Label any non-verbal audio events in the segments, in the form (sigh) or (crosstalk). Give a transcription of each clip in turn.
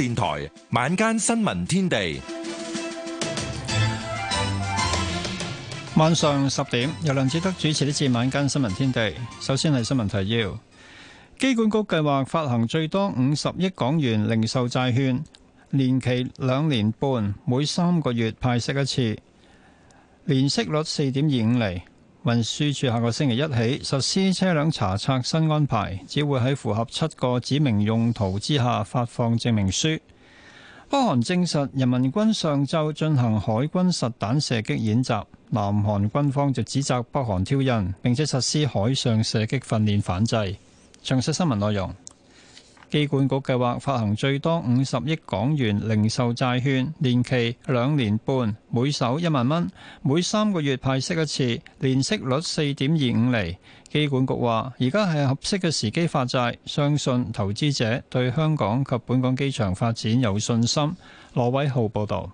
電台晚間新聞天地，晚上十點由梁志德主持呢次晚間新聞天地。首先係新聞提要，機管局計劃發行最多五十億港元零售債券，年期兩年半，每三個月派息一次，年息率四點二五厘。運輸處下個星期一起實施車輛查冊新安排，只會喺符合七個指明用途之下發放證明書。北韓證實人民軍上晝進行海軍實彈射擊演習，南韓軍方就指責北韓挑釁，並且實施海上射擊訓練反制。詳細新聞內容。機管局計劃發行最多五十億港元零售債券，年期兩年半，每手一萬蚊，每三個月派息一次，年息率四點二五厘。機管局話：而家係合適嘅時機發債，相信投資者對香港及本港機場發展有信心。羅偉浩報道。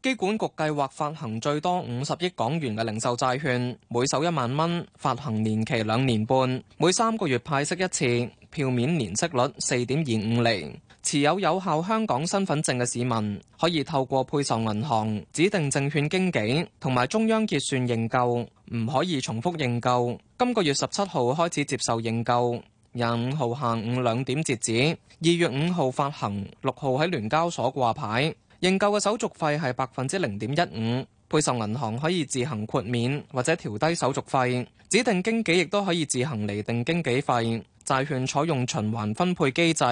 機管局計劃發行最多五十億港元嘅零售債券，每手一萬蚊，發行年期兩年半，每三個月派息一次，票面年息率四點二五厘。持有有效香港身份證嘅市民可以透過配售銀行、指定證券經紀同埋中央結算認購，唔可以重複認購。今個月十七號開始接受認購，廿五號下午兩點截止。二月五號發行，六號喺聯交所掛牌。認購嘅手續費係百分之零點一五，配售銀行可以自行豁免或者調低手續費，指定經紀亦都可以自行厘定經紀費。債券採用循環分配機制，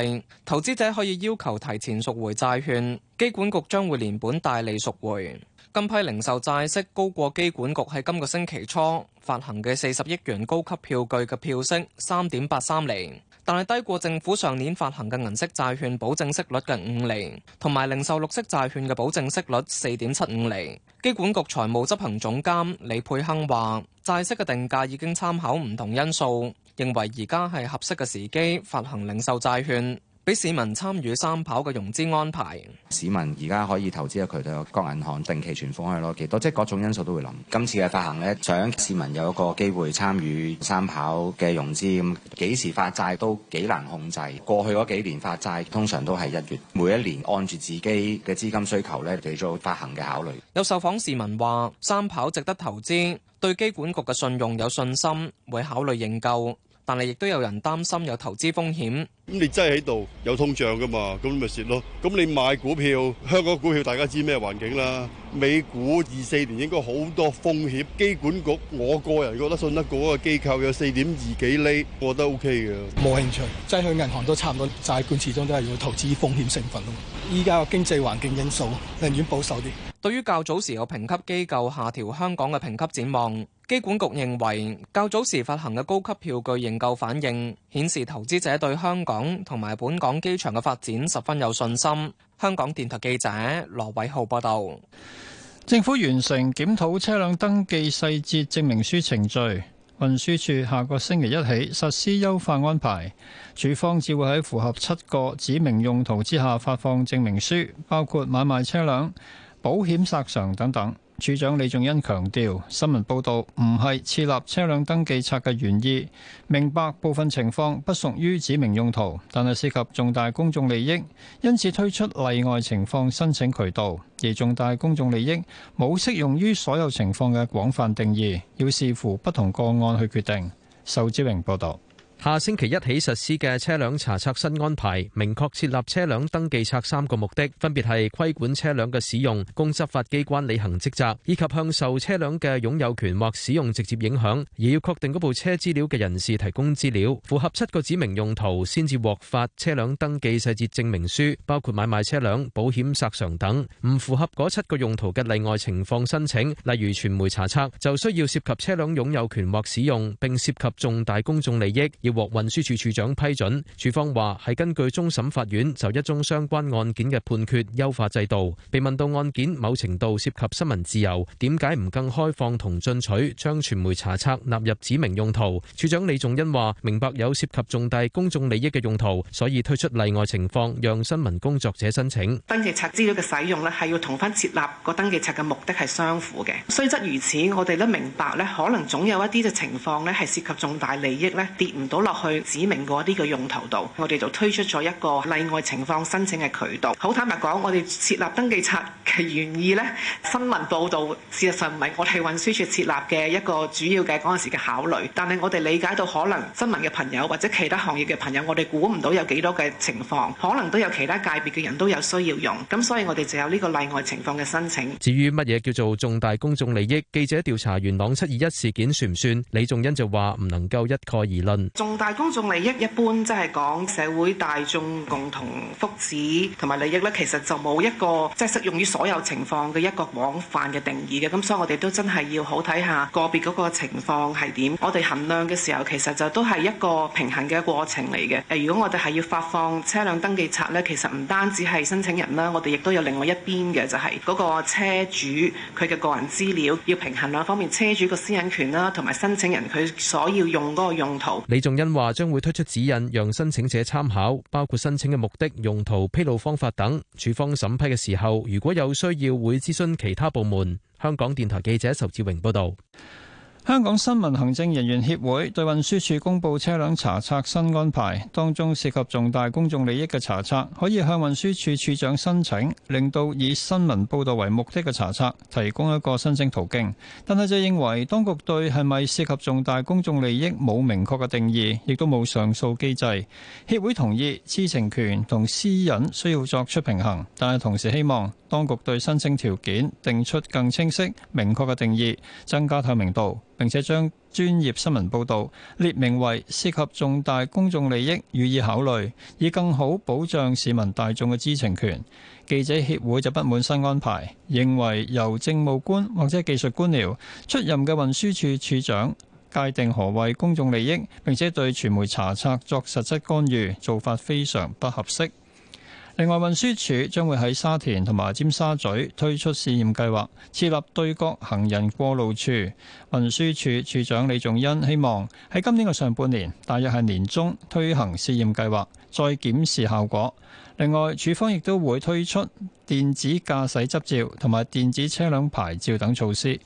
投資者可以要求提前贖回債券，機管局將會連本帶利贖回。今批零售債息高過機管局喺今個星期初發行嘅四十億元高級票據嘅票息三點八三零。但係低過政府上年發行嘅銀色債券保證息率近五釐，同埋零售綠色債券嘅保證息率四點七五釐。機管局財務執行總監李佩亨話：債息嘅定價已經參考唔同因素，認為而家係合適嘅時機發行零售債券。俾市民參與三跑嘅融資安排，市民而家可以投資嘅渠道有各銀行定期存款，可以攞幾多，即係各種因素都會諗。今次嘅發行呢，想市民有一個機會參與三跑嘅融資。噉幾時發債都幾難控制，過去嗰幾年發債通常都係一月，每一年按住自己嘅資金需求咧嚟做發行嘅考慮。有受訪市民話：三跑值得投資，對機管局嘅信用有信心，會考慮認購。但係亦都有人擔心有投資風險。咁你真係喺度有通脹噶嘛，咁咪蝕咯。咁你買股票，香港股票大家知咩環境啦？美股二四年應該好多風險。機管局，我個人覺得信得過嘅機構有四點二幾厘，我覺得 OK 嘅。冇興趣，擠、即係、去銀行都差唔多，債券始終都係要投資風險成分咯。依家嘅經濟環境因素，寧願保守啲。對於較早時有評級機構下調香港嘅評級展望，機管局認為較早時發行嘅高級票據認購反應，顯示投資者對香港同埋本港機場嘅發展十分有信心。香港電台記者羅偉浩報道。政府完成檢討車輛登記細節證明書程序，運輸處下個星期一起實施優化安排。署方只會喺符合七個指明用途之下發放證明書，包括買賣車輛、保險索償等等。署長李仲恩強調，新聞報道唔係設立車輛登記冊嘅原意，明白部分情況不屬於指明用途，但係涉及重大公眾利益，因此推出例外情況申請渠道。而重大公眾利益冇適用於所有情況嘅廣泛定義，要視乎不同個案去決定。仇志榮報道。下星期一起實施嘅車輛查冊新安排，明確設立車輛登記冊三個目的，分別係規管車輛嘅使用、供執法機關履行職責，以及向受車輛嘅擁有權或使用直接影響，而要確定嗰部車資料嘅人士提供資料。符合七個指明用途先至獲發車輛登記細節證明書，包括買賣車輛、保險索償等。唔符合嗰七個用途嘅例外情況申請，例如傳媒查冊，就需要涉及車輛擁有權或使用，並涉及重大公眾利益。要獲運輸署署長批准，署方話係根據終審法院就一宗相關案件嘅判決優化制度。被問到案件某程度涉及新聞自由，點解唔更開放同進取將傳媒查冊納入指明用途？署長李仲恩話：明白有涉及重大公眾利益嘅用途，所以推出例外情況，讓新聞工作者申請。登記冊資料嘅使用咧，係要同翻設立個登記冊嘅目的係相符嘅。雖則如此，我哋都明白咧，可能總有一啲嘅情況咧係涉及重大利益呢，跌唔到。攞落去指明嗰啲嘅用途度，我哋就推出咗一個例外情況申請嘅渠道。好坦白講，我哋設立登記冊嘅原意咧，新聞報道事實上唔係我哋運輸署設立嘅一個主要嘅嗰陣時嘅考慮，但係我哋理解到可能新聞嘅朋友或者其他行業嘅朋友，我哋估唔到有幾多嘅情況可能都有其他界別嘅人都有需要用。咁所以我哋就有呢個例外情況嘅申請。至於乜嘢叫做重大公眾利益？記者調查元朗七二一事件算唔算？李仲恩就話唔能夠一概而論。重大公眾利益一般，即係講社會大眾共同福祉同埋利益呢，其實就冇一個即係適用於所有情況嘅一個廣泛嘅定義嘅。咁所以我哋都真係要好睇下個別嗰個情況係點。我哋衡量嘅時候，其實就都係一個平衡嘅過程嚟嘅。誒，如果我哋係要發放車輛登記冊呢，其實唔單止係申請人啦，我哋亦都有另外一邊嘅，就係嗰個車主佢嘅個人資料要平衡兩方面，車主個私隱權啦，同埋申請人佢所要用嗰個用途。因話將會推出指引，讓申請者參考，包括申請嘅目的、用途、披露方法等。處方審批嘅時候，如果有需要，會諮詢其他部門。香港電台記者仇志榮報導。香港新聞行政人員協會對運輸署公布車輛查冊新安排，當中涉及重大公眾利益嘅查冊，可以向運輸署署長申請，令到以新聞報道為目的嘅查冊提供一個申請途徑。但係就認為當局對係咪涉及重大公眾利益冇明確嘅定義，亦都冇上訴機制。協會同意知情權同私隱需要作出平衡，但係同時希望當局對申請條件定出更清晰明確嘅定義，增加透明度。並且將專業新聞報導列明為涉及重大公眾利益，予以考慮，以更好保障市民大眾嘅知情權。記者協會就不滿新安排，認為由政務官或者技術官僚出任嘅運輸署署長，界定何謂公眾利益，並且對傳媒查冊作實質干預，做法非常不合適。另外，運輸署將會喺沙田同埋尖沙咀推出試驗計劃，設立對角行人過路處。運輸署署，署長李仲恩希望喺今年嘅上半年，大約係年中推行試驗計劃，再檢視效果。另外，署方亦都會推出電子駕駛執照同埋電子車輛牌照等措施。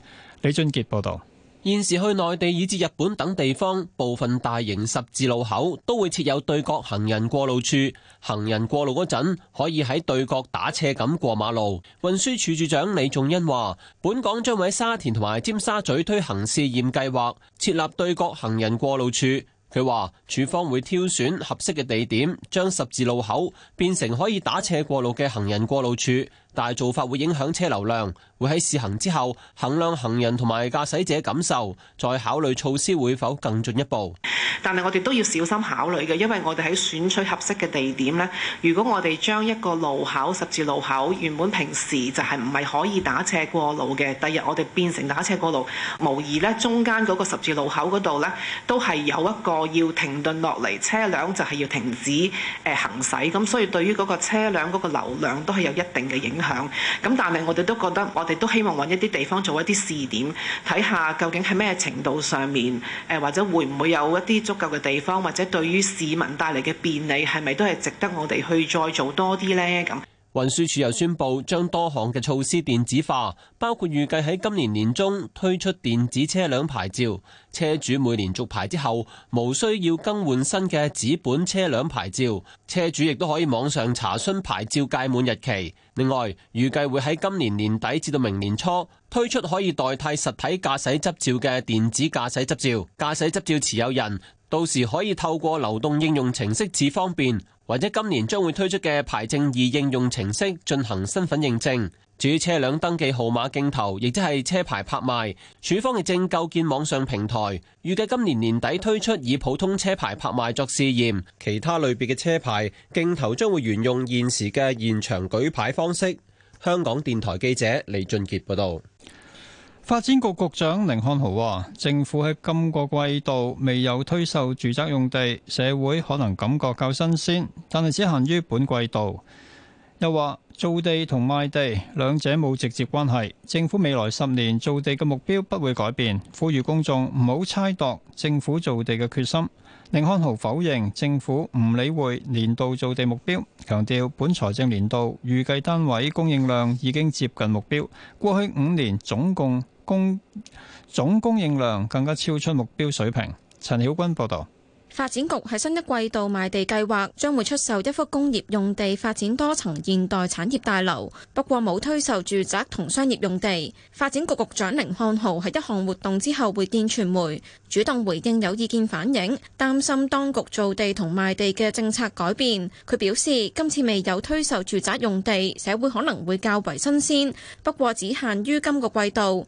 李俊傑報導。現時去內地以至日本等地方，部分大型十字路口都會設有對角行人過路處，行人過路嗰陣可以喺對角打斜咁過馬路。運輸署署長李仲恩話，本港將喺沙田同埋尖沙咀推行試驗計劃，設立對角行人過路處。佢話署方會挑選合適嘅地點，將十字路口變成可以打斜過路嘅行人過路處。但做法會影響車流量，會喺試行之後衡量行人同埋駕駛者感受，再考慮措施會否更進一步。但係我哋都要小心考慮嘅，因為我哋喺選取合適嘅地點咧。如果我哋將一個路口，十字路口原本平時就係唔係可以打斜過路嘅，第日我哋變成打斜過路，無疑咧中間嗰個十字路口度咧，都係有一個要停頓落嚟，車輛就係要停止誒行駛，咁所以對於嗰個車輛嗰個流量都係有一定嘅影響。響咁、嗯，但係我哋都覺得，我哋都希望揾一啲地方做一啲試點，睇下究竟喺咩程度上面，誒、呃、或者會唔會有一啲足夠嘅地方，或者對於市民帶嚟嘅便利係咪都係值得我哋去再做多啲咧？咁、嗯。運輸署又宣布，將多項嘅措施電子化，包括預計喺今年年中推出電子車輛牌照，車主每年續牌之後，無需要更換新嘅紙本車輛牌照，車主亦都可以網上查詢牌照屆滿日期。另外，預計會喺今年年底至到明年初推出可以代替實體駕駛執照嘅電子駕駛執照，駕駛執照持有人到時可以透過流動應用程式至方便。或者今年將會推出嘅牌證二應用程式進行身份認證，至於車輛登記號碼競投，亦即係車牌拍賣，署方亦正構建網上平台，預計今年年底推出以普通車牌拍賣作試驗，其他類別嘅車牌競投將會沿用現時嘅現場舉牌方式。香港電台記者李俊傑報道。發展局局長甯漢豪話，政府喺今個季度未有推售住宅用地，社會可能感覺較新鮮，但係只限於本季度。又話做地同賣地兩者冇直接關係，政府未來十年做地嘅目標不會改變，呼籲公眾唔好猜度政府做地嘅決心。甯漢豪否認政府唔理會年度做地目標，強調本財政年度預計單位供應量已經接近目標，過去五年總共。供總供應量更加超出目標水平。陳曉君報導，發展局喺新一季度賣地計劃將會出售一幅工業用地，發展多層現代產業大樓。不過冇推售住宅同商業用地。發展局局長寧漢豪喺一項活動之後會見傳媒，主動回應有意見反映，擔心當局造地同賣地嘅政策改變。佢表示，今次未有推售住宅用地，社會可能會較為新鮮，不過只限於今個季度。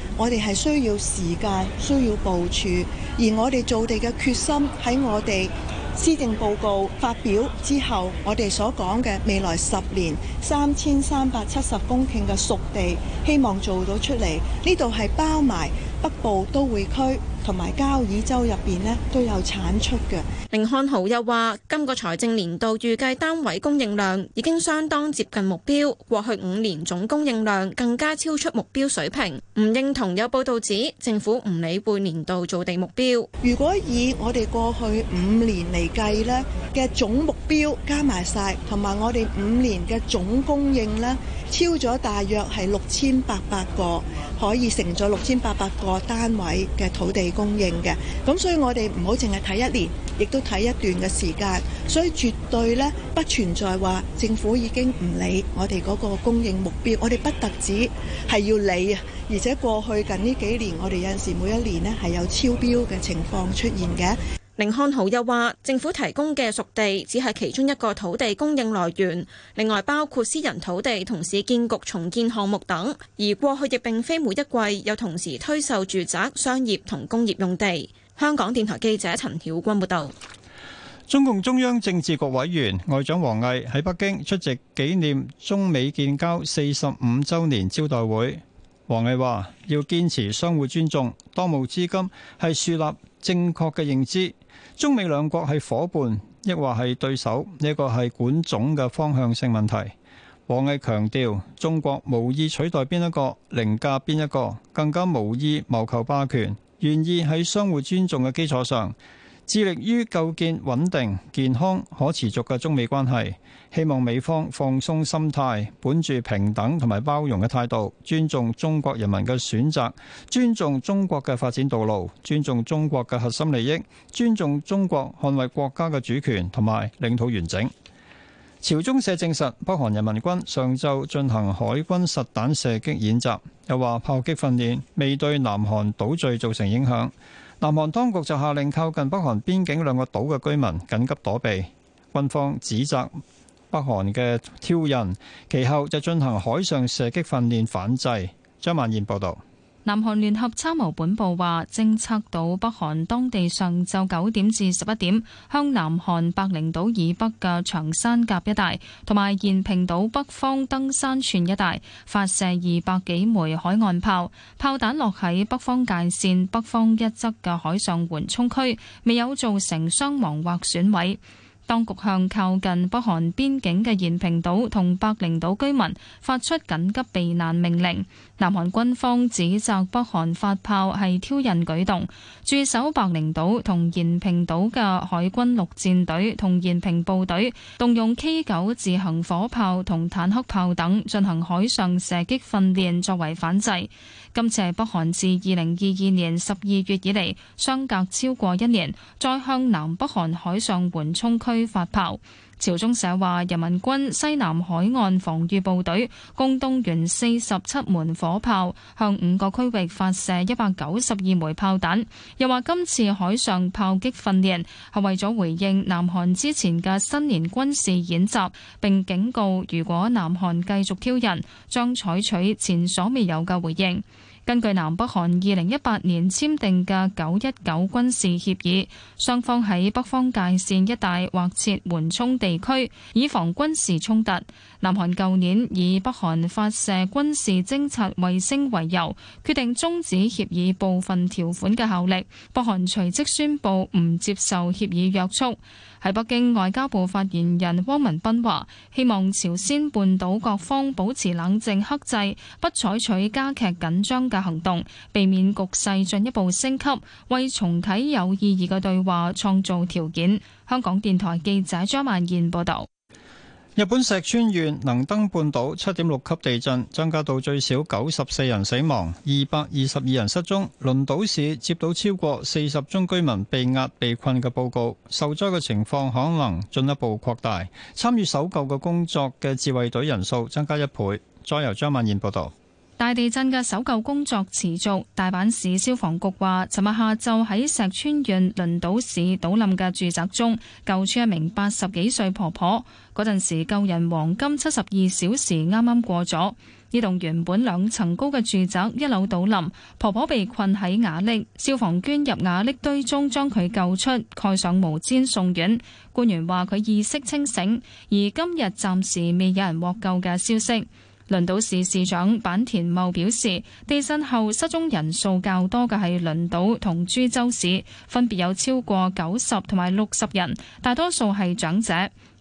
我哋係需要時間，需要部署，而我哋做地嘅決心喺我哋施政報告發表之後，我哋所講嘅未來十年三千三百七十公頃嘅熟地，希望做到出嚟。呢度係包埋北部都會區。同埋交椅洲入邊咧都有產出嘅。凌漢豪又話今個財政年度預計單位供應量已經相當接近目標，過去五年總供應量更加超出目標水平。唔認同有報道指政府唔理會年度造地目標，如果以我哋過去五年嚟計咧嘅總目標加埋晒同埋我哋五年嘅總供應咧，超咗大約係六千八百個。可以承載六千八百個單位嘅土地供應嘅，咁所以我哋唔好淨係睇一年，亦都睇一段嘅時間，所以絕對咧不存在話政府已經唔理我哋嗰個供應目標，我哋不特止，係要理啊，而且過去近呢幾年我哋有陣時每一年咧，係有超標嘅情況出現嘅。甯漢豪又話：政府提供嘅熟地只係其中一個土地供應來源，另外包括私人土地同市建局重建項目等。而過去亦並非每一季又同時推售住宅、商業同工業用地。香港電台記者陳曉君報道。中共中央政治局委員外長王毅喺北京出席紀念中美建交四十五週年招待會。王毅話：要堅持相互尊重，當務之急係樹立正確嘅認知。中美兩國係夥伴，亦或係對手，呢個係管總嘅方向性問題。王毅強調，中國無意取代邊一個，凌駕邊一個，更加無意謀求霸權，願意喺相互尊重嘅基礎上，致力於構建穩定、健康、可持續嘅中美關係，希望美方放鬆心態，本住平等同埋包容嘅態度，尊重中國人民嘅選擇，尊重中國嘅發展道路，尊重中國嘅核心利益，尊重中國捍衞國家嘅主權同埋領土完整。朝中社證實，北韓人民軍上晝進行海軍實彈射擊演習，又話炮擊訓練未對南韓島嶼造成影響。南韓當局就下令靠近北韓邊境兩個島嘅居民緊急躲避，軍方指責北韓嘅挑釁，其後就進行海上射擊訓練反制。張曼燕報導。南韓聯合參謀本部話，偵測到北韓當地上晝九點至十一點，向南韓白翎島以北嘅長山甲一帶同埋延平島北方登山串一帶發射二百幾枚海岸炮，炮彈落喺北方界線北方一側嘅海上緩衝區，未有造成傷亡或損毀。當局向靠近北韓邊境嘅延平島同白翎島居民發出緊急避難命令。南韓軍方指責北韓發炮係挑釁舉動，駐守白翎島同延平島嘅海軍陸戰隊同延平部隊動用 K 九自行火炮同坦克炮等進行海上射擊訓練作為反制。今次係北韓自二零二二年十二月以嚟相隔超過一年再向南北韓海上緩衝區發炮。朝中社話人民軍西南海岸防禦部隊共動員四十七門火炮，向五個區域發射一百九十二枚炮彈。又話今次海上炮擊訓練係為咗回應南韓之前嘅新年軍事演習，並警告如果南韓繼續挑釁，將採取前所未有嘅回應。根據南北韓二零一八年簽訂嘅九一九軍事協議，雙方喺北方界線一帶劃設緩衝地區，以防軍事衝突。南韓舊年以北韓發射軍事偵察衛星為由，決定終止協議部分條款嘅效力，北韓隨即宣布唔接受協議約束。喺北京外交部發言人汪文斌話，希望朝鮮半島各方保持冷靜克制，不採取加劇緊張嘅行動，避免局勢進一步升級，為重啟有意義嘅對話創造條件。香港電台記者張曼燕報道：日本石川縣能登半島七點六級地震，增加到最少九十四人死亡，二百二十二人失蹤。輪島市接到超過四十宗居民被壓被困嘅報告，受災嘅情況可能進一步擴大。參與搜救嘅工作嘅自衛隊人數增加一倍。再由張曼燕報道。大地震嘅搜救工作持續，大阪市消防局話，尋日下晝喺石川縣輪島市倒冧嘅住宅中，救出一名八十幾歲婆婆。嗰陣時，救人黃金七十二小時啱啱過咗。呢棟原本兩層高嘅住宅一樓倒冧，婆婆被困喺瓦礫，消防捐入瓦礫堆中將佢救出，蓋上毛氈送院。官員話，佢意識清醒，而今日暫時未有人獲救嘅消息。輪島市市長坂田茂表示，地震後失蹤人數較多嘅係輪島同珠洲市，分別有超過九十同埋六十人，大多數係長者。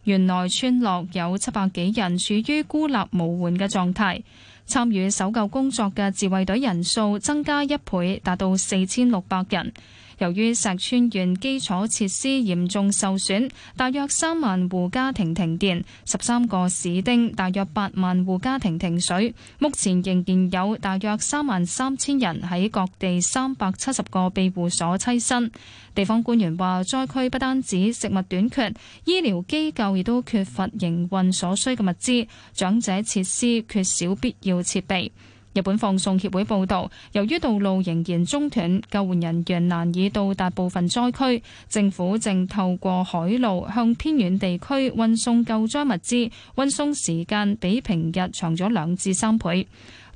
園內村落有七百幾人處於孤立無援嘅狀態。參與搜救工作嘅自衛隊人數增加一倍，達到四千六百人。由於石川縣基礎設施嚴重受損，大約三萬戶家庭停電，十三個市町大約八萬戶家庭停水。目前仍然有大約三萬三千人喺各地三百七十個庇護所棲身。地方官員話，災區不單止食物短缺，醫療機構亦都缺乏營運所需嘅物資，長者設施缺少必要設備。日本放送協會報道，由於道路仍然中斷，救援人員難以到達部分災區。政府正透過海路向偏遠地區運送救災物資，運送時間比平日長咗兩至三倍。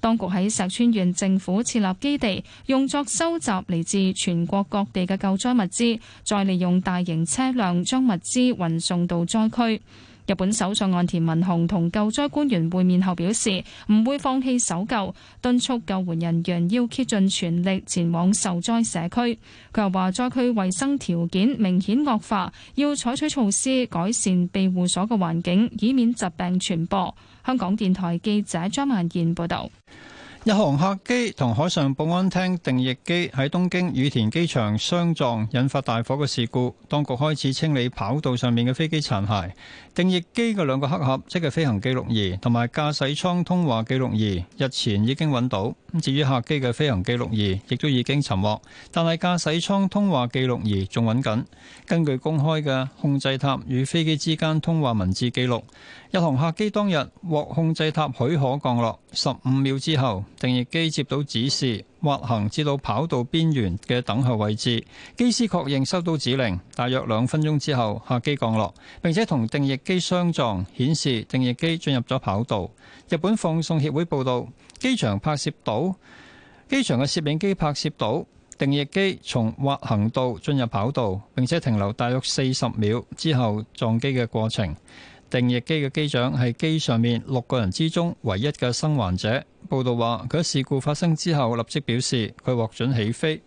當局喺石川縣政府設立基地，用作收集嚟自全國各地嘅救災物資，再利用大型車輛將物資運送到災區。日本首相岸田文雄同救災官員會面後表示，唔會放棄搜救，敦促救援人員要竭盡全力前往受災社區。佢又話，災區衛生條件明顯惡化，要採取措施改善庇護所嘅環境，以免疾病傳播。香港電台記者張曼燕報道。日航客機同海上保安廳定翼機喺東京羽田機場相撞，引發大火嘅事故。當局開始清理跑道上面嘅飛機殘骸。定翼機嘅兩個黑盒，即係飛行記錄儀同埋駕駛艙通話記錄儀，日前已經揾到。至於客機嘅飛行記錄儀，亦都已經尋獲，但係駕駛艙通話記錄儀仲揾緊。根據公開嘅控制塔與飛機之間通話文字記錄，日航客機當日獲控制塔許可降落，十五秒之後，定翼機接到指示滑行至到跑道邊緣嘅等候位置，機師確認收到指令。大約兩分鐘之後，客機降落並且同定翼機相撞，顯示定翼機進入咗跑道。日本放送協會報道，機場拍攝到機場嘅攝影機拍攝到定翼機從滑行道進入跑道並且停留大約四十秒之後撞機嘅過程。定翼機嘅機長係機上面六個人之中唯一嘅生還者。報道話佢喺事故發生之後立即表示佢獲准起飛。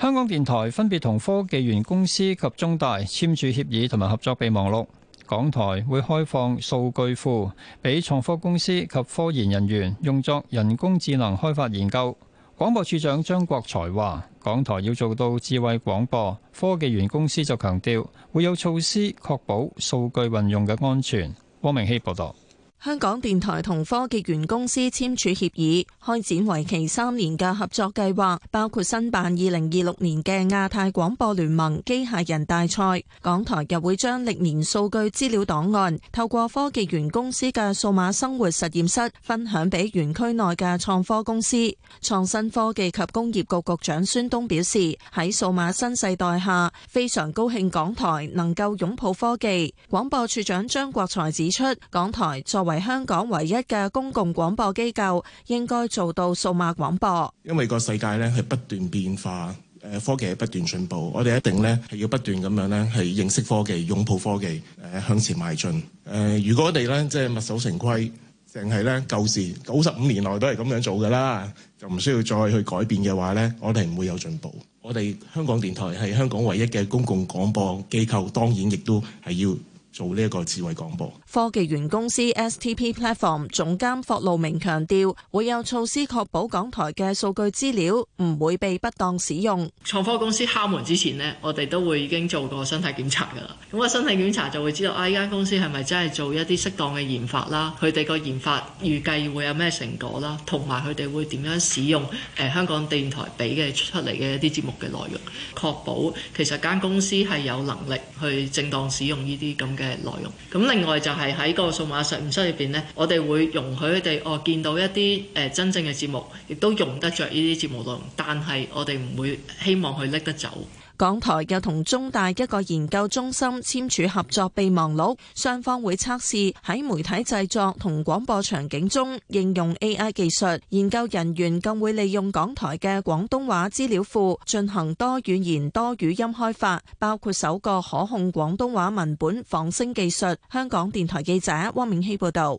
香港電台分別同科技園公司及中大簽署協議同埋合作備忘錄。港台會開放數據庫俾創科公司及科研人員用作人工智能開發研究。廣播處長張國財話：港台要做到智慧廣播，科技園公司就強調會有措施確保數據運用嘅安全。汪明希報道。香港電台同科技園公司簽署協議，開展為期三年嘅合作計劃，包括申辦二零二六年嘅亞太廣播聯盟機械人大賽。港台又會將歷年數據資料檔案透過科技園公司嘅數碼生活實驗室分享俾園區內嘅創科公司。創新科技及工業局局長孫東表示：喺數碼新世代下，非常高興港台能夠擁抱科技。廣播處長張國才指出，港台作為香港唯一嘅公共廣播機構，應該做到數碼廣播。因為個世界咧係不斷變化，誒科技係不斷進步，我哋一定咧係要不斷咁樣咧係認識科技、擁抱科技，誒向前邁進。誒，如果我哋咧即係墨守成規，淨係咧舊時九十五年內都係咁樣做噶啦,就唔需要再去改變嘅話咧,我哋唔會有進步。我哋香港電台係香港唯一嘅公共廣播機構，當然亦都係要，做呢一個智慧廣播，科技園公司 STP Platform 總監霍路明強調，會有措施確保港台嘅數據資料唔會被不當使用。創科公司敲門之前呢我哋都會已經做過身體檢查㗎啦。咁個身體檢查就會知道啊，呢、啊、間公司係咪真係做一啲適當嘅研發啦？佢哋個研發預計會有咩成果啦？同埋佢哋會點樣使用誒、啊、香港電台俾嘅出嚟嘅一啲節目嘅內容？確保其實間公司係有能力去正當使用呢啲咁嘅。誒內容，咁另外就係喺個數碼實驗室入邊呢，我哋會容許佢哋哦見到一啲誒真正嘅節目，亦都用得着呢啲節目內容，但係我哋唔會希望佢拎得走。港台又同中大一個研究中心簽署合作備忘錄，雙方會測試喺媒體製作同廣播場景中應用 AI 技術。研究人員更會利用港台嘅廣東話資料庫進行多語言、多語音開發，包括首個可控廣東話文本仿聲技術。香港電台記者汪明希報導。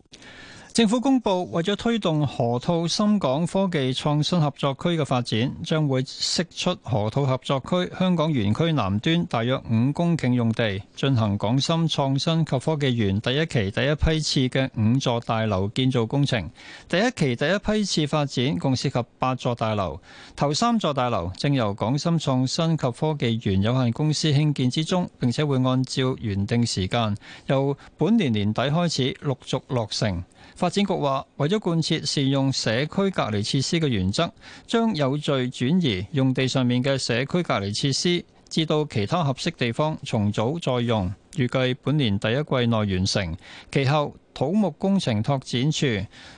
政府公布，為咗推動河套深港科技創新合作區嘅發展，將會釋出河套合作區香港園區南端大約五公頃用地，進行港深創新及科技園第一期第一批次嘅五座大樓建造工程。第一期第一批次發展共涉及八座大樓，頭三座大樓正由港深創新及科技園有限公司興建之中，並且會按照原定時間，由本年年底開始陸續落成。發展局話，為咗貫徹善用社區隔離設施嘅原則，將有序轉移用地上面嘅社區隔離設施，至到其他合適地方重組再用，預計本年第一季內完成。其後，土木工程拓展處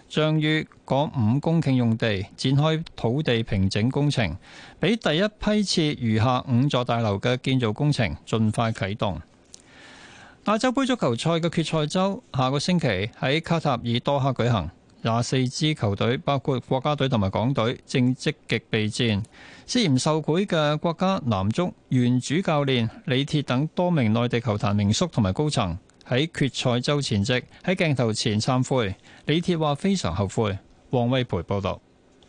將於嗰五公頃用地展開土地平整工程，畀第一批次餘下五座大樓嘅建造工程盡快啟動。亞洲盃足球賽嘅決賽周下個星期喺卡塔爾多哈舉行，廿四支球隊包括國家隊同埋港隊正積極備戰。涉嫌受賄嘅國家男足原主教練李鐵等多名內地球壇名宿同埋高層喺決賽周前夕喺鏡頭前懺悔。李鐵話非常後悔。王威培報道。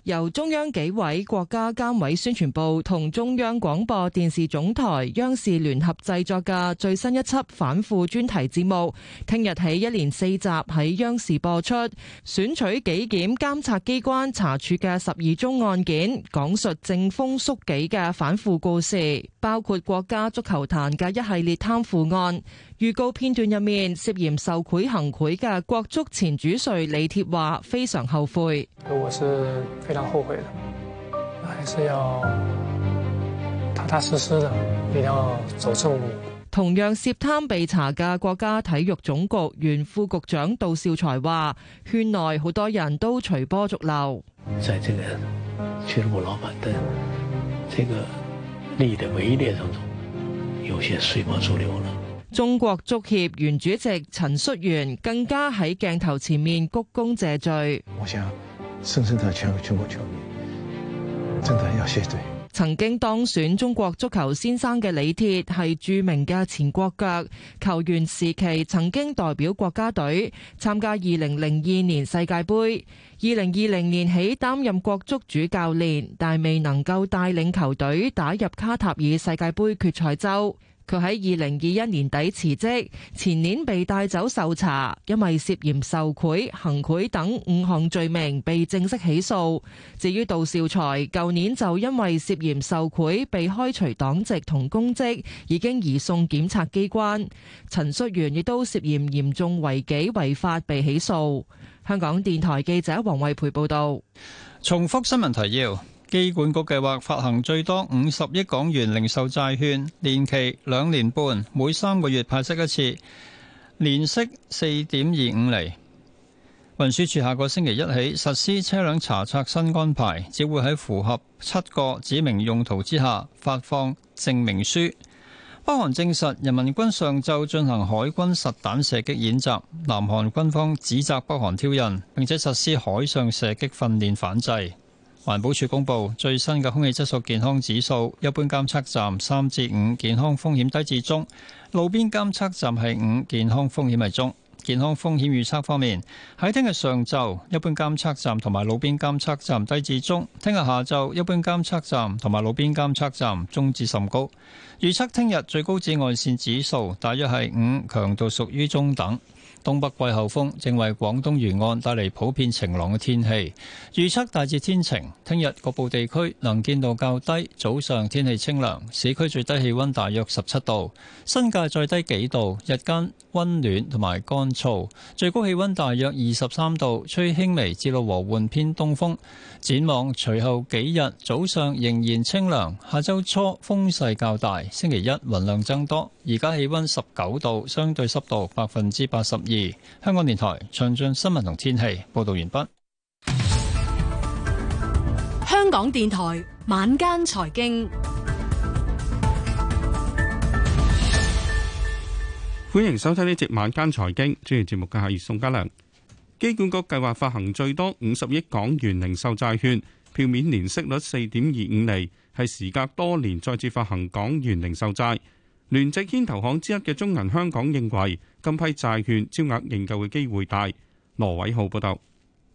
由中央紀委、國家監委宣傳部同中央廣播電視總台央視聯合製作嘅最新一輯反腐專題節目，聽日起一連四集喺央視播出，選取紀檢監察機關查處嘅十二宗案件，講述正風肅紀嘅反腐故事，包括國家足球壇嘅一系列貪腐案。預告片段入面，涉嫌受賄行賄嘅國足前主帥李鐵話，非常後悔。我是非常後悔的，還是要踏踏實實的，你要走正路。同樣涉貪被查嘅國家體育總局原副局長杜兆才話：圈內好多人都隨波逐流。在這個俱樂部老闆的這個利益的圍獵當中，有些隨波逐流了。中國足協原主席陳戌源更加喺鏡頭前面鞠躬謝罪。謝罪。曾經當選中國足球先生嘅李鐵係著名嘅前國腳，球員時期曾經代表國家隊參加二零零二年世界杯。二零二零年起擔任國足主教練，但未能夠帶領球隊打入卡塔爾世界杯決賽周。佢喺二零二一年底辭職，前年被帶走受查，因為涉嫌受賄、行賄等五項罪名被正式起訴。至於杜兆才，舊年就因為涉嫌受賄被開除黨籍同公職，已經移送檢察機關。陳淑元亦都涉嫌嚴重違紀違法被起訴。香港電台記者黃慧培報導。重複新聞提要。機管局計劃發行最多五十億港元零售債券，年期兩年半，每三個月派息一次，年息四點二五厘。運輸署下個星期一起實施車輛查冊新安排，只會喺符合七個指明用途之下發放證明書。北韓證實人民軍上晝進行海軍實彈射擊演習，南韓軍方指責北韓挑釁，並且實施海上射擊訓練反制。環保署公布最新嘅空氣質素健康指數，一般監測站三至五，健康風險低至中；路邊監測站係五，健康風險係中。健康風險預測方面，喺聽日上晝，一般監測站同埋路邊監測站低至中；聽日下晝，一般監測站同埋路邊監測站中至甚高。預測聽日最高紫外線指數大約係五，強度屬於中等。東北季候風正為廣東沿岸帶嚟普遍晴朗嘅天氣，預測大致天晴。聽日局部地區能見度較低，早上天氣清涼，市區最低氣温大約十七度，新界最低幾度，日間温暖同埋乾燥，最高氣温大約二十三度，吹輕微至到和緩偏東風。展望隨後幾日早上仍然清涼，下周初風勢較大，星期一雲量增多。而家氣温十九度，相對濕度百分之八十二。二香港電台詳盡新聞同天氣報道完畢。香港電台晚間財經， (music) 歡迎收聽呢節晚間財經。主持節目嘅係宋嘉良。機管局計劃發行最多五十億港元零售債券，票面年息率四點二五厘，係時隔多年再次發行港元零售債。聯席牽頭行之一嘅中銀香港認為，今批債券超額認購嘅機會大。羅偉浩報道，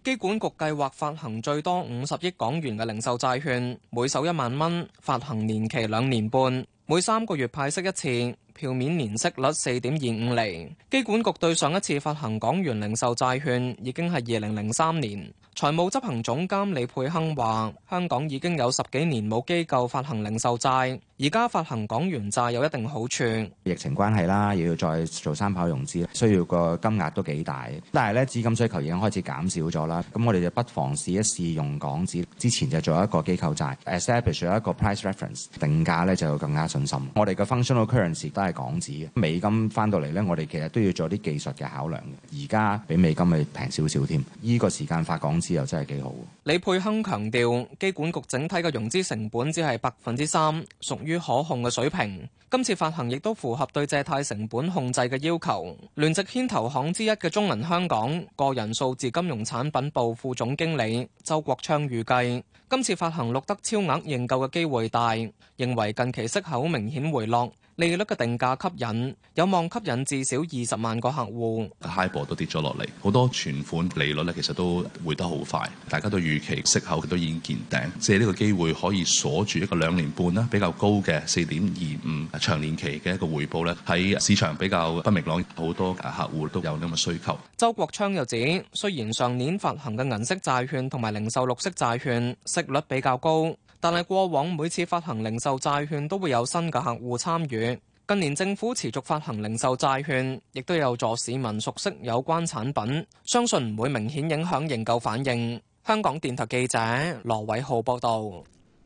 機管局計劃發行最多五十億港元嘅零售債券，每手一萬蚊，發行年期兩年半，每三個月派息一次。票面年息率四點二五厘，機管局對上一次發行港元零售債券已經係二零零三年。財務執行總監李佩亨話：香港已經有十幾年冇機構發行零售債，而家發行港元債有一定好處。疫情關係啦，要再做三跑融資，需要個金額都幾大。但係咧，資金需求已經開始減少咗啦。咁我哋就不妨試一試用港紙，之前就做一個機構債 establish 一個 price reference 定價咧，就更加信心。我哋嘅 functional currency 都係。港紙美金翻到嚟呢，我哋其實都要做啲技術嘅考量。而家比美金咪平少少添，依個時間發港紙又真係幾好。李佩亨強調，機管局整體嘅融資成本只係百分之三，屬於可控嘅水平。今次發行亦都符合對借貸成本控制嘅要求。聯席牽頭行之一嘅中銀香港個人數字金融產品部副總經理周國昌預計，今次發行錄得超額認購嘅機會大，認為近期息口明顯回落。利率嘅定價吸引，有望吸引至少二十萬個客戶。HIBOR 都跌咗落嚟，好多存款利率咧，其實都回得好快。大家都預期息口都已經見頂，借呢個機會可以鎖住一個兩年半啦，比較高嘅四點二五長年期嘅一個回報咧，喺市場比較不明朗，好多客戶都有噉嘅需求。周國昌又指，雖然上年發行嘅銀色債券同埋零售綠色債券息率比較高。但係過往每次發行零售債券都會有新嘅客戶參與，近年政府持續發行零售債券，亦都有助市民熟悉有關產品，相信唔會明顯影響認購反應。香港電台記者羅偉浩報道，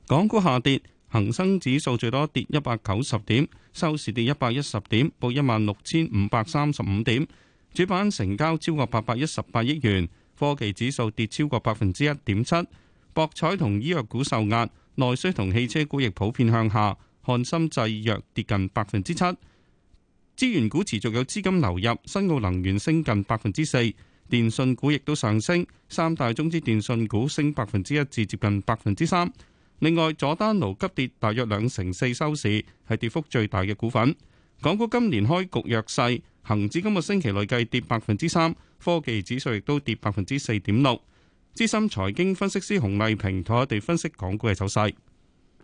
港股下跌，恒生指數最多跌一百九十點，收市跌一百一十點，報一萬六千五百三十五點，主板成交超過八百一十八億元，科技指數跌超過百分之一點七，博彩同醫藥股受壓。內需同汽車股亦普遍向下，漢森製藥跌近百分之七，資源股持續有資金流入，新奧能源升近百分之四，電信股亦都上升，三大中資電信股升百分之一至接近百分之三。另外，佐丹奴急跌大約兩成四，收市係跌幅最大嘅股份。港股今年開局弱勢，恒指今個星期累計跌百分之三，科技指數亦都跌百分之四點六。資深財經分析師洪麗萍同我哋分析港股嘅走勢。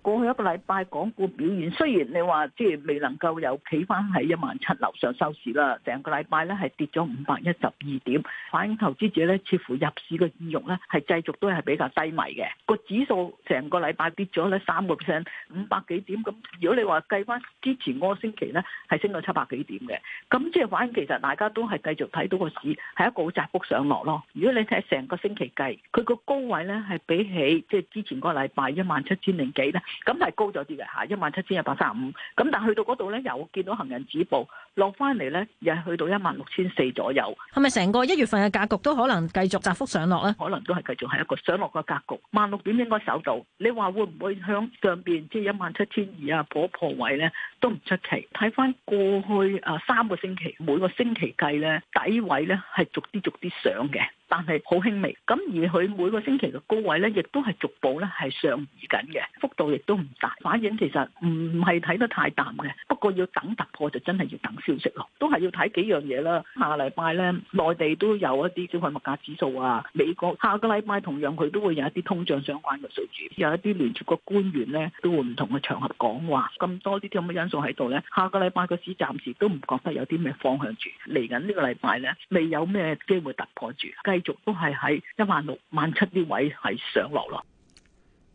過去一個禮拜，港股表現雖然你話即係未能夠有企翻喺一萬七樓上收市啦，成個禮拜咧係跌咗五百一十二點。反映投資者咧似乎入市嘅意欲咧係繼續都係比較低迷嘅。個指數成個禮拜跌咗咧三個 percent，五百幾點。咁如果你話計翻之前嗰個星期咧，係升到七百幾點嘅。咁即係反映其實大家都係繼續睇到個市係一個好窄幅上落咯。如果你睇成個星期計，佢個高位咧係比起即係之前個禮拜一萬七千零幾咧。咁係高咗啲嘅吓，一萬七千一百三十五。咁但係去到嗰度咧，又見到行人止步，落翻嚟咧，又係去到一萬六千四左右。係咪成個一月份嘅格局都可能繼續窄幅上落咧？可能都係繼續係一個上落嘅格局。萬六點應該守到。你話會唔會向上邊，即係一萬七千二啊，破破位咧都唔出奇。睇翻過去啊三個星期，每個星期計咧，底位咧係逐啲逐啲上嘅。但係好輕微，咁而佢每個星期嘅高位咧，亦都係逐步咧係上移緊嘅，幅度亦都唔大，反映其實唔係睇得太淡嘅。不過要等突破就真係要等消息咯，都係要睇幾樣嘢啦。下個禮拜咧，內地都有一啲消費物價指數啊，美國下個禮拜同樣佢都會有一啲通脹相關嘅數據，有一啲連接嘅官員咧都會唔同嘅場合講話，咁多呢啲咁嘅因素喺度咧，下個禮拜個市暫時都唔覺得有啲咩方向住，嚟緊呢個禮拜咧未有咩機會突破住。繼續都係喺一萬六萬七呢位係上落咯。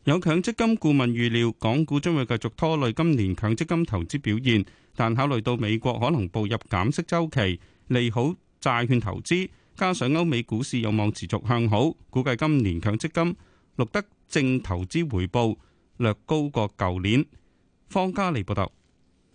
有強積金顧問預料，港股將會繼續拖累今年強積金投資表現。但考慮到美國可能步入減息週期，利好債券投資，加上歐美股市有望持續向好，估計今年強積金錄得正投資回報，略高過舊年。方嘉利報道。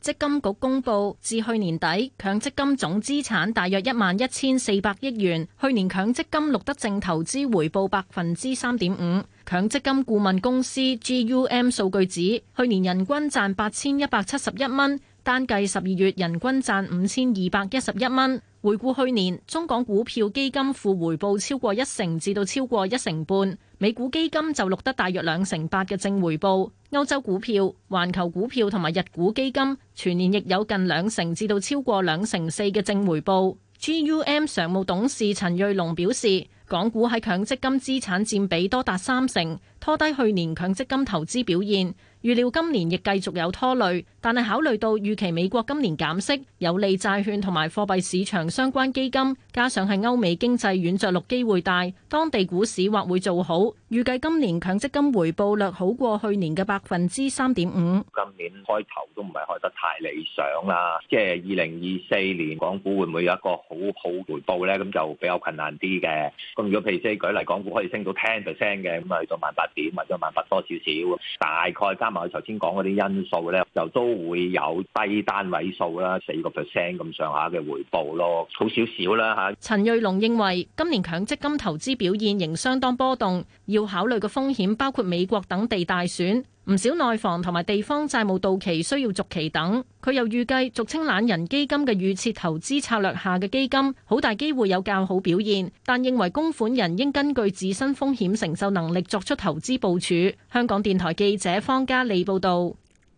積金局公布，至去年底強積金總資產大約一萬一千四百億元。去年強積金錄得淨投資回報百分之三點五。強積金顧問公司 GUM 數據指，去年人均賺八千一百七十一蚊，單計十二月人均賺五千二百一十一蚊。回顧去年，中港股票基金負回報超過一成，至到超過一成半。美股基金就錄得大約兩成八嘅正回報。歐洲股票、環球股票同埋日股基金全年亦有近兩成至到超過兩成四嘅正回報。GUM 常務董事陳瑞龍表示，港股喺強積金資產佔比多達三成，拖低去年強積金投資表現。預料今年亦繼續有拖累，但係考慮到預期美國今年減息，有利債券同埋貨幣市場相關基金，加上係歐美經濟軟着陸機會大，當地股市或會做好。預計今年強積金回報略好過去年嘅百分之三點五。今年開頭都唔係開得太理想啦，即係二零二四年港股會唔會有一個好好回報呢？咁就比較困難啲嘅。咁如果譬如舉例，港股，港股可以升到 ten percent 嘅，咁啊，去到萬八點或者萬八多少少，大概。加埋頭先講嗰啲因素咧，就都會有低單位數啦，四個 percent 咁上下嘅回報咯，好少少啦嚇。陳瑞龍認為今年強積金投資表現仍相當波動，要考慮嘅風險包括美國等地大選。唔少內房同埋地方債務到期需要續期等，佢又預計俗稱懶人基金嘅預設投資策略下嘅基金，好大機會有較好表現，但認為供款人應根據自身風險承受能力作出投資部署。香港電台記者方嘉利報道。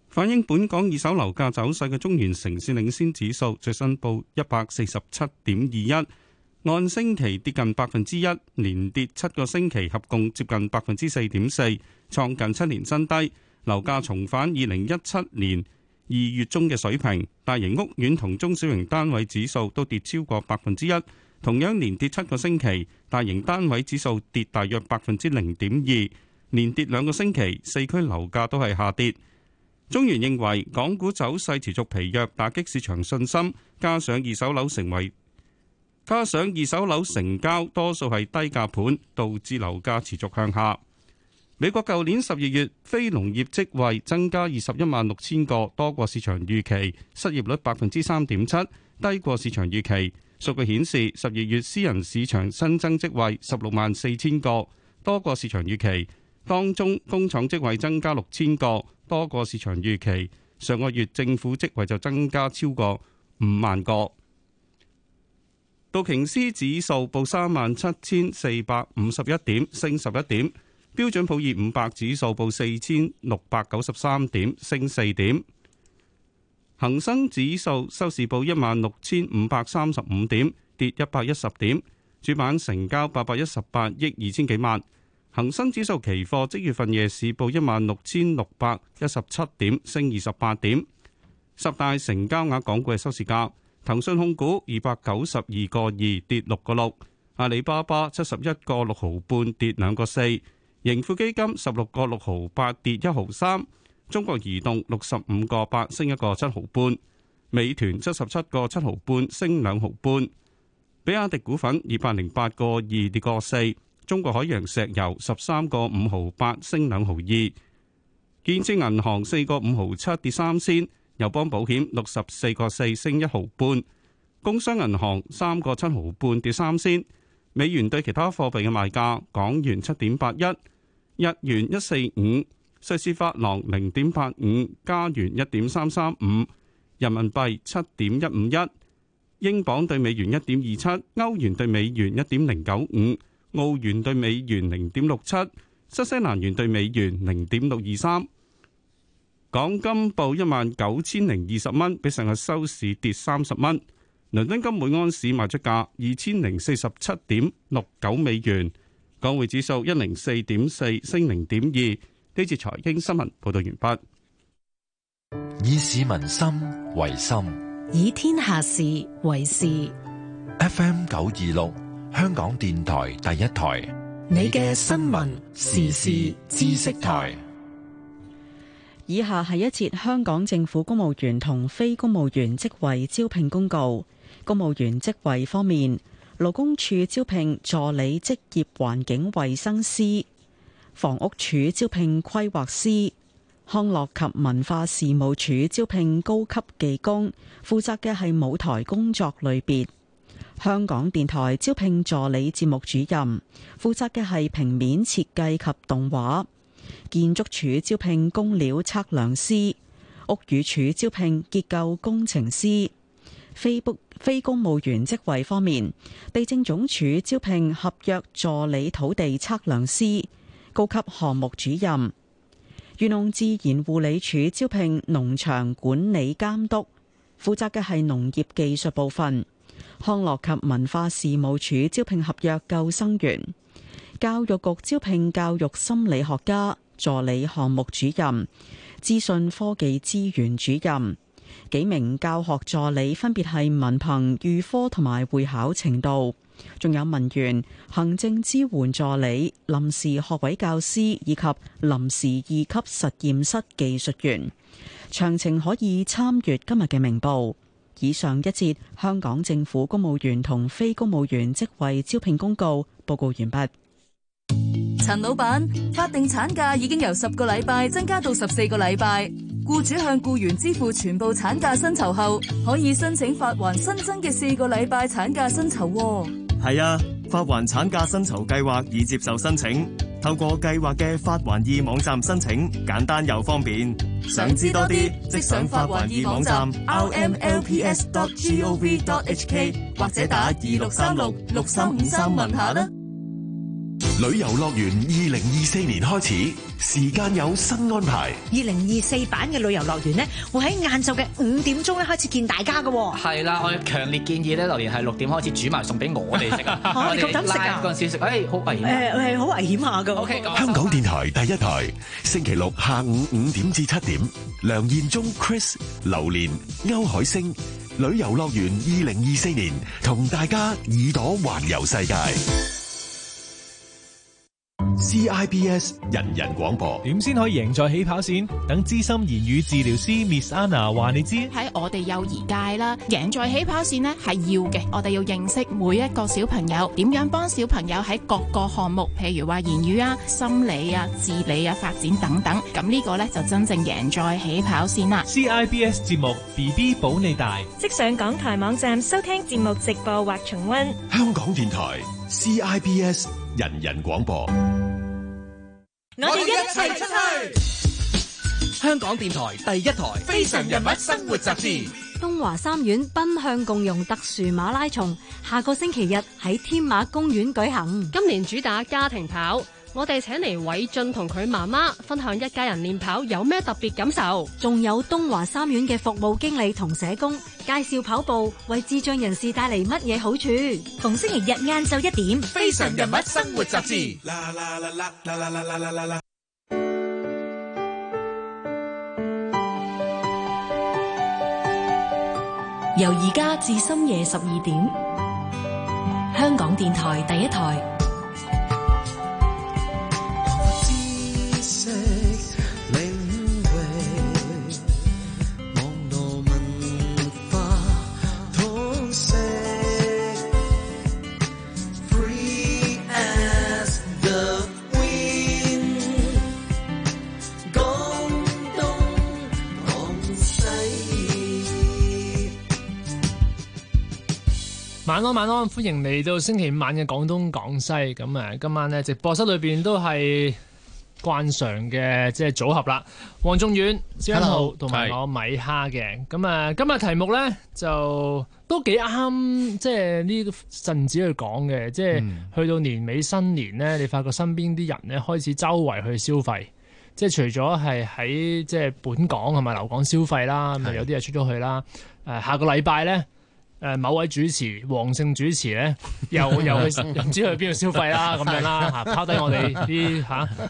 反映本港二手樓價走勢嘅中原城市領先指數最新報一百四十七點二一。按星期跌近百分之一，連跌七個星期，合共接近百分之四點四，創近七年新低。樓價重返二零一七年二月中嘅水平，大型屋苑同中小型單位指數都跌超過百分之一，同樣連跌七個星期。大型單位指數跌大約百分之零點二，連跌兩個星期。四區樓價都係下跌。中原認為，港股走勢持續疲弱，打擊市場信心，加上二手樓成為。加上二手樓成交多數係低價盤，導致樓價持續向下。美國舊年十二月非農業職位增加二十一萬六千個，多過市場預期，失業率百分之三點七，低過市場預期。數據顯示，十二月私人市場新增職位十六萬四千個，多過市場預期。當中工廠職位增加六千個，多過市場預期。上個月政府職位就增加超過五萬個。道瓊斯指數報三萬七千四百五十一點，升十一點；標準普爾五百指數報四千六百九十三點，升四點；恒生指數收市報一萬六千五百三十五點，跌一百一十點；主板成交八百一十八億二千幾萬；恒生指數期貨即月份夜市報一萬六千六百一十七點，升二十八點；十大成交額港股嘅收市價。騰訊控股二百九十二個二跌六個六，阿里巴巴七十一個六毫半跌兩個四，盈富基金十六個六毫八跌一毫三，中國移動六十五個八升一個七毫半，美團七十七個七毫半升兩毫半，比亞迪股份二百零八個二跌個四，中國海洋石油十三個五毫八升兩毫二，建設銀行四個五毫七跌三仙。友邦保險六十四個四升一毫半，工商銀行三個七毫半跌三仙。美元對其他貨幣嘅賣價：港元七點八一，日元一四五，瑞士法郎零點八五，加元一點三三五，人民幣七點一五一，英鎊對美元一點二七，歐元對美元一點零九五，澳元對美元零點六七，新西蘭元對美元零點六二三。港金報一萬九千零二十蚊，比上日收市跌三十蚊。倫敦金每安士賣出價二千零四十七點六九美元。港匯指數一零四點四升零點二。呢次財經新聞報道完畢。以市民心為心，以天下事為事。FM 九二六，香港電台第一台，你嘅新聞時事知識台。以下係一節香港政府公務員同非公務員職位招聘公告。公務員職位方面，勞工處招聘助理職業環境衛生師，房屋署招聘規劃師，康樂及文化事務署招聘高級技工，負責嘅係舞台工作類別。香港電台招聘助理節目主任，負責嘅係平面設計及動畫。建築署招聘工料測量師，屋宇署招聘結構工程師。非非公務員職位方面，地政總署招聘合約助理土地測量師、高級項目主任。漁農自然護理署招聘農場管理監督，負責嘅係農業技術部分。康樂及文化事務署招聘合約救生員。教育局招聘教育心理學家助理、項目主任、資訊科技資源主任幾名教學助理，分別係文憑預科同埋會考程度，仲有文員、行政支援助理、臨時學位教師以及臨時二級實驗室技術員。詳情可以參閱今日嘅明報。以上一節香港政府公務員同非公務員職位招聘公告。報告完畢。陳老闆，法定產假已經由十個禮拜增加到十四個禮拜。僱主向僱員支付全部產假薪酬後，可以申請發還新增嘅四個禮拜產假薪酬。哦，係啊，發還產假薪酬計劃已接受申請。透過計劃嘅發還易網站申請，簡單又方便。想知多啲，即上發還易網站，站 rmlps.gov.hk，或者打二六三六六三五三問下啦。旅遊樂園二零二四年開始，時間有新安排。二零二四版嘅旅遊樂園呢會，喺晏晝嘅五點鐘咧開始見大家噶。係啦，我強烈建議咧，榴蓮係六點開始煮埋送俾我哋食啊！我哋咁敢食啊？嗰陣時，食，哎，好危險！誒，係好危險下噶。香港電台第一台，星期六下午五點至七點，梁彥宗、Chris、榴蓮、歐海星，旅遊樂園二零二四年，同大家耳朵環遊世界。CIBS 人人廣播，點先可以贏在起跑線？等資深言語治療師 Miss Anna 話你知，喺我哋幼兒界啦，贏在起跑線呢係要嘅。我哋要認識每一個小朋友，點樣幫小朋友喺各個項目，譬如話言語啊、心理啊、自理啊發展等等。咁呢個呢，就真正贏在起跑線啦。CIBS 節目 BB 保你大，即上港台網站收聽節目直播或重温。香港電台 CIBS 人人廣播。我哋一齊出去！香港電台第一台《非常人物生活雜誌》東華三院奔向共融特殊馬拉松，下個星期日喺天馬公園舉行。今年主打家庭跑。我哋請嚟偉俊同佢媽媽分享一家人練跑有咩特別感受，仲有東華三院嘅服務經理同社工介紹跑步為智障人士帶嚟乜嘢好處。逢星期日晏晝一點，非常人物生活雜誌。啦啦啦啦啦啦啦啦啦啦。由而家至深夜十二點，香港電台第一台。晚安晚安，歡迎嚟到星期五晚嘅廣東廣西。咁啊，今晚咧直播室裏邊都係慣常嘅即係組合啦。黃仲遠、一號同埋我米哈嘅。咁啊是，今日題目咧就都幾啱，即係呢陣子去講嘅，嗯、即係去到年尾新年咧，你發覺身邊啲人咧開始周圍去消費，即係除咗係喺即係本港同埋留港消費啦，咁是有啲嘢出咗去啦。誒，下個禮拜咧。誒、呃、某位主持，王姓主持咧，又 (laughs) 又唔知去邊度消費啦，啊，咁樣啦吓拋低我哋啲吓。啊。